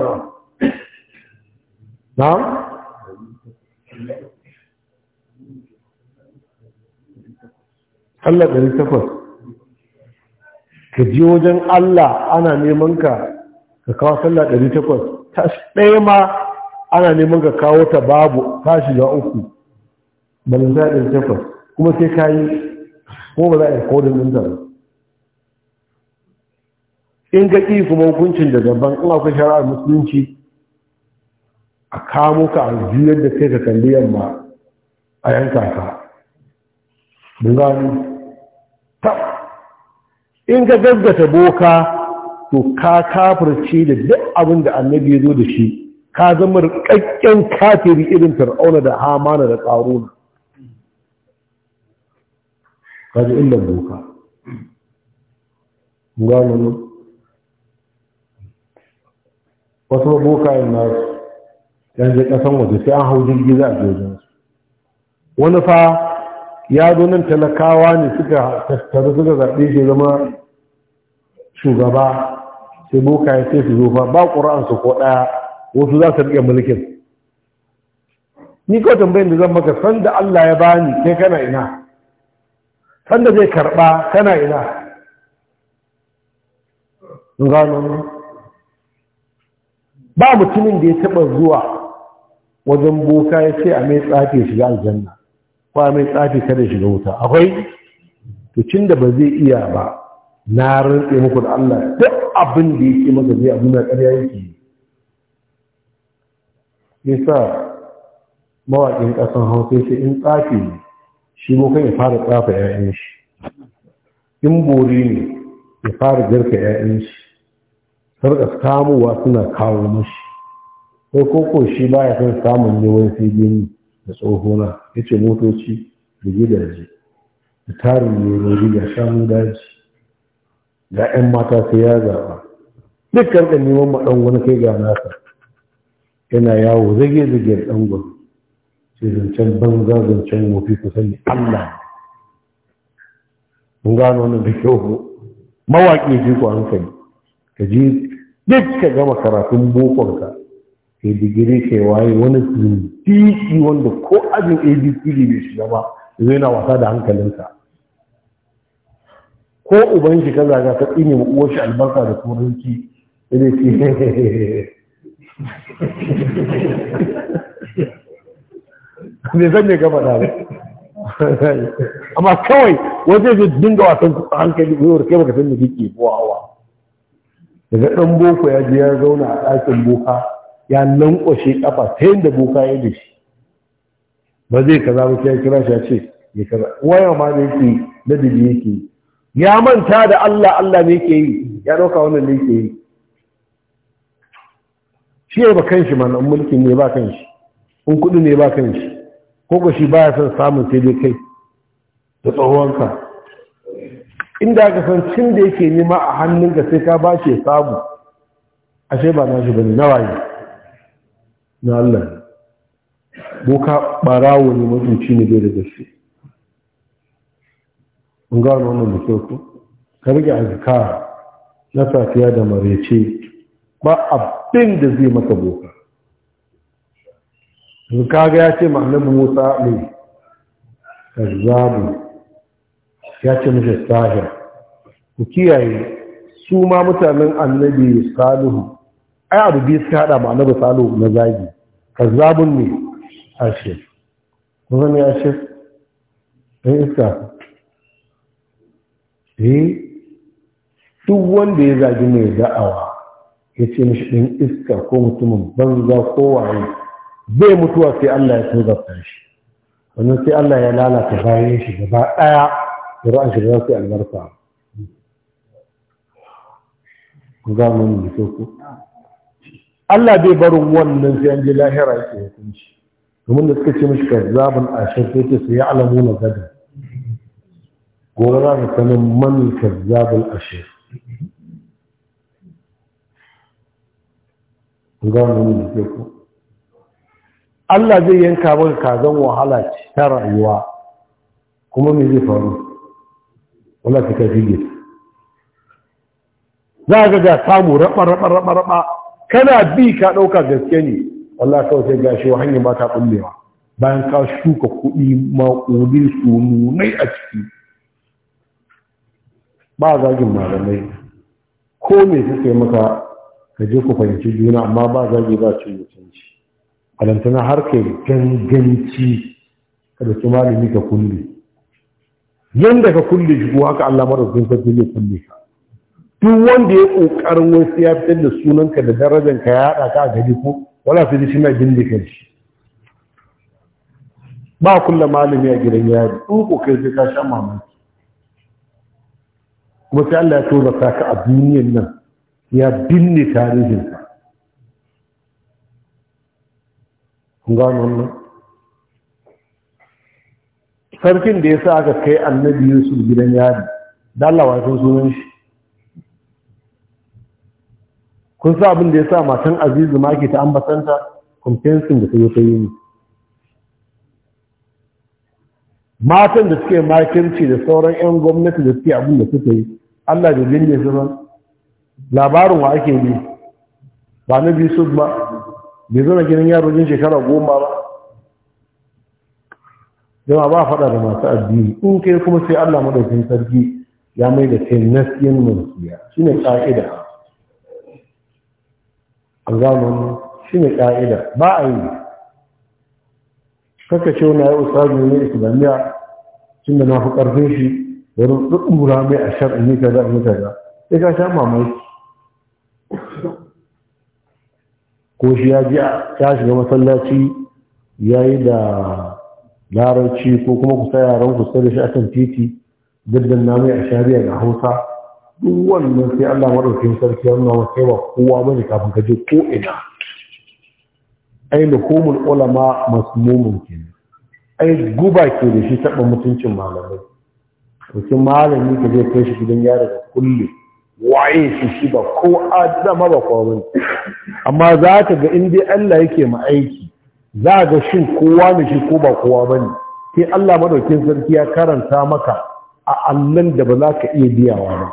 [SPEAKER 1] na Allah ɗari takwas ka ji wajen Allah ana neman ka ka kawo sallah ɗari takwas tashi ɗaya ma ana neman ka kawo ta babu ta ga uku balanta ɗari takwas kuma sai ka yi ko ba za a yi kodin ɗinta ba in ga ƙi kuma hukuncin da gaban in akwai shari'ar musulunci a kamo ka a juyar da kai ka kalli yamma a yanka ka mun gano
[SPEAKER 2] in
[SPEAKER 1] ka gaggata boka to ka kafirce da duk abin da annabi ya zo da shi ka zama rikakken kafiri irin fir'auna da hamana da ƙaruna ka ji illar boka gano wasu boka yin nasu yanzu ƙasan waje sai an hau jirgi za a jirgin wani fa ya zo nan talakawa ne suka tattaru suka zaɓe shi zama shugaba sai boka ya sai su zo fa ba ƙura'an su ko ɗaya wasu za su riƙe mulkin ni ko tambayin da zan maka san da Allah ya bani kai kana ina san da zai karɓa kana ina gano ba mutumin da ya taɓa zuwa wajen boka ya ce a mai tsafe shiga aljanna kwamin tsafi kada shiga wuta akwai to da ba zai iya ba na rantse muku da Allah duk abin da yake maka zai abin da ƙarya yake yasa mawaƙin ƙasan hausa sai in tsafi ne shi mukan ya fara tsafa 'ya'yan shi in bori ne ya fara girka 'ya'yan shi sarƙa samuwa suna kawo mashi sai koko shi baya son samun ne wani sai da tsohona ya ce motoci da gidaje da tarin merori ga shanu daji ga 'yan mata sai ya zaɓa dukkan da neman maɗan wani kai ga nasa yana yawo zage zage da ɗan gwam sai zancen banza zancen wofi ku sani allah mun gano wani da kyau mawaƙi ji ku hankali ka ji duk ka gama karatun bokonka sai digiri ke waye wani zindiki wanda ko ajin abcd bai shiga ba zai na wasa da hankalinsa ko uban shi kaza ga ta tsine ma uwar shi albarka da turanci zai ce hehehe san me gaba da rai amma kawai wajen zai dinga wasan hankali wayar kai baka san me kike ko awa daga ɗan boko ya je ya zauna a ɗakin boka ya lankwashe kafa ta yadda boka ya da shi ba zai kaza ba sai kira shi ya ce ya kaza Waya ma da yake ladabi yake ya manta da Allah Allah ne yake yi ya dauka wannan ne yake yi shi ba kan shi mana mulkin ne ba kan shi, in kudi ne ba shi, ko ko shi baya son samun sai dai kai da tsohonka inda ka san cin da yake nema a hannunka sai ka ba shi samu ashe ba na shi bane waye? na Allah boka barawo ne mutunci ne bai da gaske mun ga wannan da ko ka rage azka na safiya da marece ba abin da zai maka boka kaga ya ce ma annabi Musa mai kazzabu ya ce mishi sahir ku kiyaye su ma mutanen annabi salihu ai abu biyu suka hada ma annabi salo na zagi kazzabun ne ashe. kuma ne ashe? ɗan iska eh duk wanda ya zagi mai da'awa ya ce mishi ɗan iska ko mutumin banza ko waye zai mutuwa sai Allah ya tozarta shi wannan sai Allah ya lalata bayan shi gaba ɗaya da ran shi da sai albarka ga mun ne ku Allah bai barin wannan sai an ji lahira yake hukunci domin da suka ce mishi kazzabun a sai ce su alamu na gada gobe za ka sanin man kazzabul ashir ga wannan da ke ku Allah zai yanka maka kazan wahala ta rayuwa kuma me zai faru wala ka kafi za ga ga samu raba raba raba raba kana bi ka ɗauka gaske ne wallah kawai sai gashi wa hanyar ba ta ɓullewa bayan ka shuka kuɗi maƙudin su nunai a ciki ba zagin malamai ko me suke maka ka je ku fahimci juna amma ba zagi ba cin mutunci alantana har kai ganganci ka da malami ka kulle yanda ka kulle shi ko haka Allah madaukakin zunfa zai kulle ka duk wanda ya ƙoƙarin wasu ya fitar da sunanka da darajanka ya haɗa ka a gari ko wala fi shi na bindika shi ba kulla malami a gidan yari ɗin ƙoƙar kai sai ka sha mamaki kuma sai Allah ya tura ka a duniyan nan ya binne tarihin ka kun gano wannan sarkin da ya sa aka kai annabi Yusuf gidan yari da sun sunan shi kun sa abin da ya sa matan azizu ma ke ta ambatanta kumfensin da ta ta yi ne matan da suke makirci da sauran 'yan gwamnati da suke abin da suka yi allah da binne su ba labarin wa ake ne ba na biyu su ba bai zana gidan yaro jin shekara goma ba jama ba faɗa da masu addini in kai kuma sai allah maɗaukin sarki ya mai da kai nasiyan shine ƙa'ida a zamanin shi ne ƙa'ida ba a yi kaka ce wani ya ustazu ne islamiyya cin da na fi ƙarfin shi wurin ɗuɗɗura mai a shar'in ne da ne kaza ya ka sha mamaki ko shi ya ji ya shiga masallaci ya yi da larabci ko kuma kusa yaran kusa da shi akan titi Duk da na mai a shari'a ga hausa duk wannan sai Allah madaukakin sarki ya nuna wata ba kowa ne kafin ka je ko ina ai lukumul ulama masmumun kenan ai guba ke da shi taɓa mutuncin malamai mutum malami ka zai kai shi gidan yaro da kulle waye shi shi ba ko adama ba kowa bane amma za ka ga in dai Allah yake ma aiki za ga shin kowa ne shi ko ba kowa bane sai Allah madaukin sarki ya karanta maka a annan da ba za ka iya biyawa ba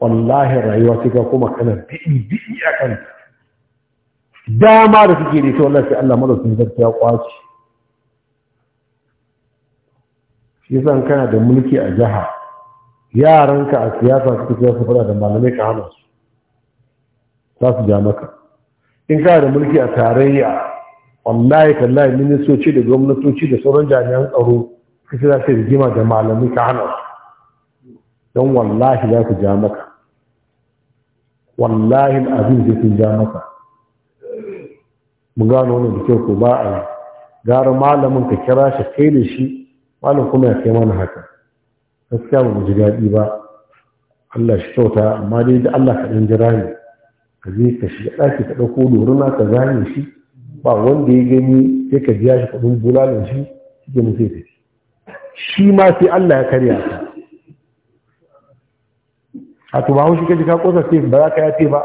[SPEAKER 1] wallahi rayuwa ce ka kuma kana bi'i bi'i a kan dama da kake da ita wallahi sai Allah madaukakin zarta ya kwace shi yasa kana da mulki a jiha yaranka a siyasa suka ce su fara da malamai ka hana su za su ja maka in kana da mulki a tarayya wallahi tallahi ministoci da gwamnatoci da sauran jami'an tsaro kasa za su rigima da malamai ka hana su don wallahi za su ja maka wallahi abin da sun ja maka mu gano wannan da kyau ko ba a yi gara malamin ka kira shi kai da shi malam kuma ya kai mana haka gaskiya ba mu ji daɗi ba Allah shi kyauta amma dai da Allah ka ɗan jira ne ka je ka shiga ɗaki ka ɗauko doruna ka zane shi ba wanda ya gani sai ka biya shi kuɗin bulalan shi shi ke shi ma sai Allah ya karya ka a to ba haushi kaji ka kosa sai ba za ka yafe ba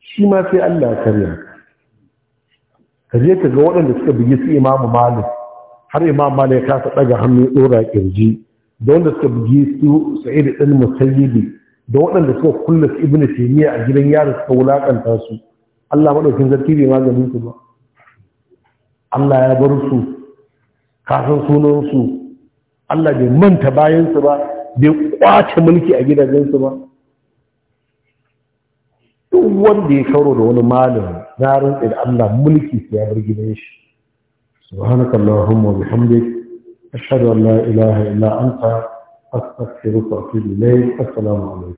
[SPEAKER 1] shi ma sai Allah ya karya ka je ka ga waɗanda suka bugi su imamu malik har imam malik ya kasa ɗaga hannu ya ɗora kirji da wanda suka bugi su sa'id ɗin musayyibi da waɗanda suka kulla su ibnu taymiya a gidan yaro suka wulakanta su Allah madaukin zarki bai maganin su ba Allah ya bar su kasan sunan su Allah bai manta bayansu ba bai kwace mulki a gidajensu ba duk wanda ya karo da wani malami na rantsa da Allah mulki sai ya bar gidan shi subhanaka allahumma wa bihamdik ashhadu an la ilaha illa anta astaghfiruka wa atubu ilayk assalamu alaikum